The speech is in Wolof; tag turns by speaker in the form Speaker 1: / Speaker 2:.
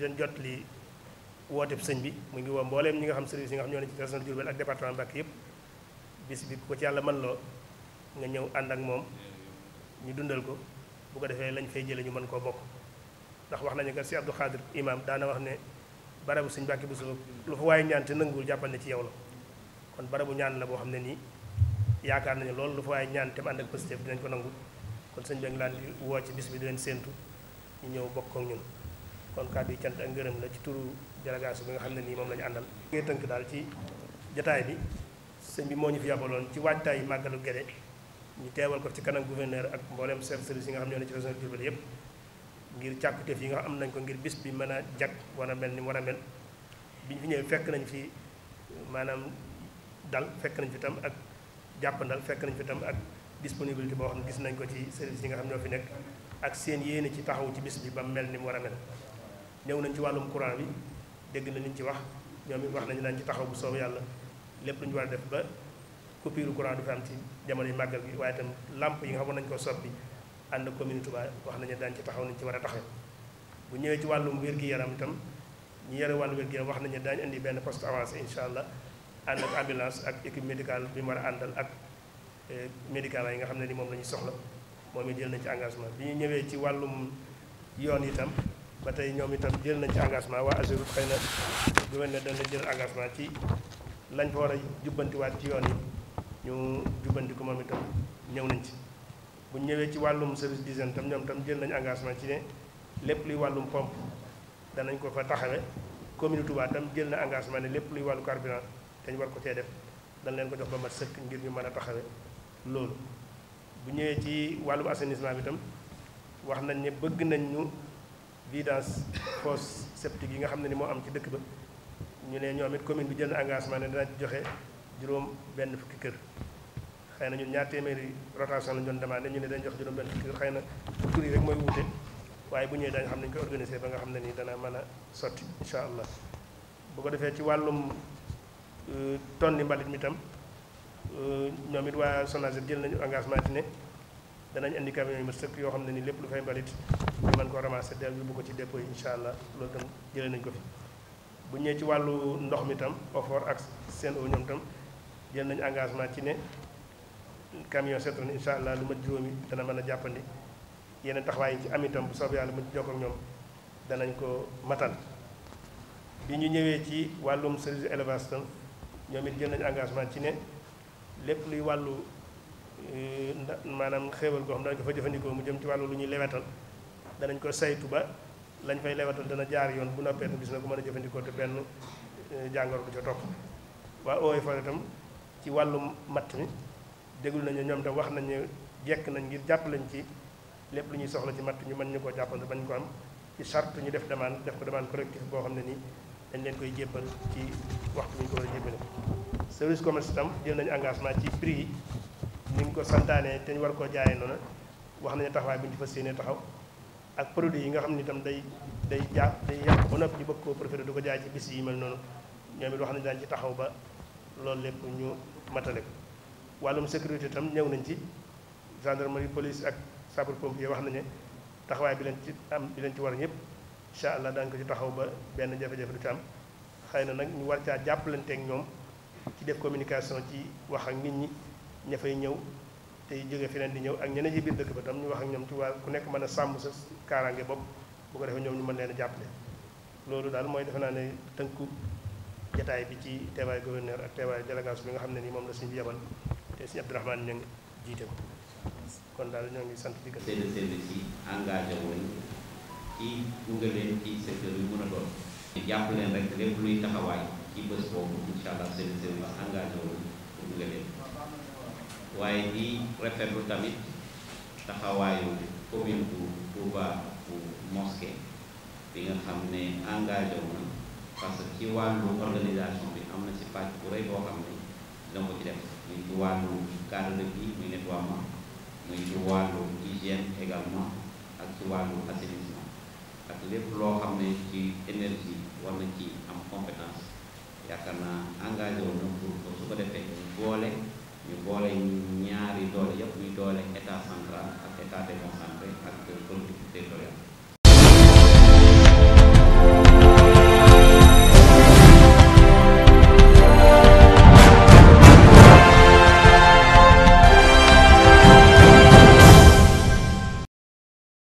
Speaker 1: di leen jot li wooteb sëñ bi mu ngi woo mbooleem ñi nga xam service yi nga xam ñoo ne ci région de Diourbel ak département Mbacké yëpp bis bi ko ci yàlla man loo nga ñëw ànd ak moom ñu dundal ko bu ko defee lañ fay jëlee ñu mën koo bokk ndax wax nañu nga si Abdou Khadir imaam daana wax ne barabu sëñ Mbacké bu suba lu fa waaye ñaan te nanguwul jàppal ne ci yow la kon barabu ñaan la boo xam ne nii yaakaar nañu lool lu fa waaye ñaan te mu ànd ak positif ko nangu kon sëñ bi laan woo ci bis bi di leen séentu ñu ñëw bokk kon kàddu yi cant ak ngërëm la ci turu délégation bi nga xam ne nii moom la ñu àndal. ngay tënk daal ci jataay bi sëñ bi moo ñu fi yabaloon ci waajtaayu màggalu Guédé ñu teewal ko ci kanam gouverneur ak mboolem chef service yi nga xam ne ñoo ne ci ngir càkkutéef yi nga am nañ ko ngir bis bi mën a jag war a mel ni mu war a mel bi ñu fi ñëwee fekk nañ fi maanaam dal fekk nañ fi tam ak jàppandal fekk nañ fi tam ak disponibilité boo xam ne gis nañ ko ci service yi nga xam ñoo fi nekk ak seen yéene ci taxawu ci bis bi ba mel ni war a mel ñëw nañ ci wàllum courant bi dégg na liñ ci wax ñoom it wax nañu daañu ci taxaw bu soob yàlla lépp lu ñu war a def ba coupure courant du fi am ci jamono yi màggal bi waaye tam làmp yi nga xamoon nañu ko soppi ànd commune Touba wax nañu daañu ci taxaw nañu ci war a taxaw bu ñëwee ci wàllum wér-gi-yaram itam ñu yore wàllu wér wax nañu daañu indi benn poste avancé incha allah ànd ak ambulance ak bi mu a àndal ak eh, médicaments yi nga xam ne ni moom la ñu soxla moom it jël nañ ci engagement bi ñu ñëwee ci wàllum yoon itam ba tey ñoom itam jël nañ ci engagement waa Azurut xëy na gouverneur dana jël engagement ci lañ fa war a jubbantiwaat ci yoon yi ñu jubbanti ko moom itam ñëw nañ ci. bu ñëwee ci wàllum service d'hygiène tam ñoom tam jël nañ engagement ci ne lépp luy wàllum pompe danañ ko fa taxawee commune waa tam jël na engagement ne lépp luy wàllu carburant dañ war ko cee def dañ leen ko jox ba mat sëkk ngir ñu mën a taxawee loolu. bu ñëwee ci wàllum assainissement bi tam wax nañ ne bëgg nañ vidange fosse septique yi nga xam ne ni moo am ci dëkk ba ñu ne ñoom it commune bi jël na engagement ne dana ci joxe juróom benn fukki kër xëy na ñun ñaar téeméeri rotation lañu doon demandé ñu ne dañ joxe juróom benn fukki kër xëy na tur yi rek mooy wuute waaye bu ñëwee dañ xam ne ñu koy organisé ba nga xam ne nii dana mën a sotti incha allah boo ko defee ci wàllum euh, tonni mbalit mi tam euh, ñoom it waa SONAGED jël nañu engagement ci ne danañ indi camion yu ma sëkk yoo xam ne ni lépp lu fay mbalit ñu mën koo ramasser del yóbbu ko ci dépôt yi incha allah loolu tam jëlee nañ ko fi bu ñëwee ci wàllu ndox mi tam OFOR ak Sen'Eau ñoom tam jël nañ engagement ci ne camion citerne incha allah lu ma juróomi dana mën a jàppandi yeneen taxawaay ci am itam bu soobee yàlla mu jokk ak ñoom danañ ko matal bi ñu ñëwee ci wàllum service élevage tam ñoom it jël nañ engagement ci ne lépp luy wàllu maanaam xéewal goo xam dañ ko fa jëfandikoo mu jëm ci wàllu lu ñuy lewetal danañ ko saytu ba lañ fay lewetal dana jaar yoon bu noppee nu gis na ko mën a jëfandikoo te benn jàngoro bu ca topp waa Eaux et Forêts itam ci wàllu matt mi déglu nañu ñoom tam wax nañu jekk nañ ngir jàpp lañ ci lépp lu ñuy soxla ci matt ñu mën ñu koo jàppante bañ ko am ci charte ñu def demande def ko demande collective boo xam ne nii dañ leen koy jébbal ci waxtu bi ñu ko war a jébbale service commerce itam ci prix yi ni ñu ko santaane te ñu war koo jaayee noonu wax nañu taxawaay bu ñu fa séenee taxaw ak produit yi nga xam ne tam day day jàpp day yàq ba noppi ñu bëgg koo préféré du ko jaay ci bis yi mel noonu ñoom it wax nañu daan ci taxaw ba loolu lépp ñu matale ko wàllum sécurité tam ñëw nañ ci gendarmerie police ak sapeur pompier wax nañu ne taxawaay bi leen ci am bi leen ci war ñëpp incha allah daañu ko ci taxaw ba benn jafe-jafe du ci am xëy na nag ñu war caa jàppalanteeg ñoom ci def communication ci wax ak nit ñi. ña fay ñëw tey jóge feneen di ñëw ak ñeneen ci biir dëkk ba tam ñu wax ak ñoom ci waa ku nekk mën a sàmm sa kaaraange bopp bu ko defee ñoom ñu mën leen a jàppale loolu daal mooy defe naa ne tënku jataay bi ci teewaay gouverneur ak teewaay délégation bi nga xam ne nii moom la suñu yebal te suñu Abdourahmane ñu ngi jiite ko kon daal ñoo ngi sant di gërëm. seen service
Speaker 2: yi engagé woon ci dugal leen ci secteur yu mën a doon. jàpp leen rek lépp luy taxawaay ci bés boobu incha allah seen service engagé woon pour dugal leen waaye di rafetlu tamit taxawaayu commune bu Touba bu mosquée bi nga xam ne engagé wu na parce que ci wàllu organisation bi am na ci pàcc bu rëy boo xam ne dina ko ci def muy ci wàllu cadre de vie muy nettoiement muy ci wàllu hygiène également ak ci wàllu assainissement ak lépp loo xam ne ci énergie war na ci am compétence yaakaar naa engagé wu na pour ko su ko defee boole doole état central ak état départemental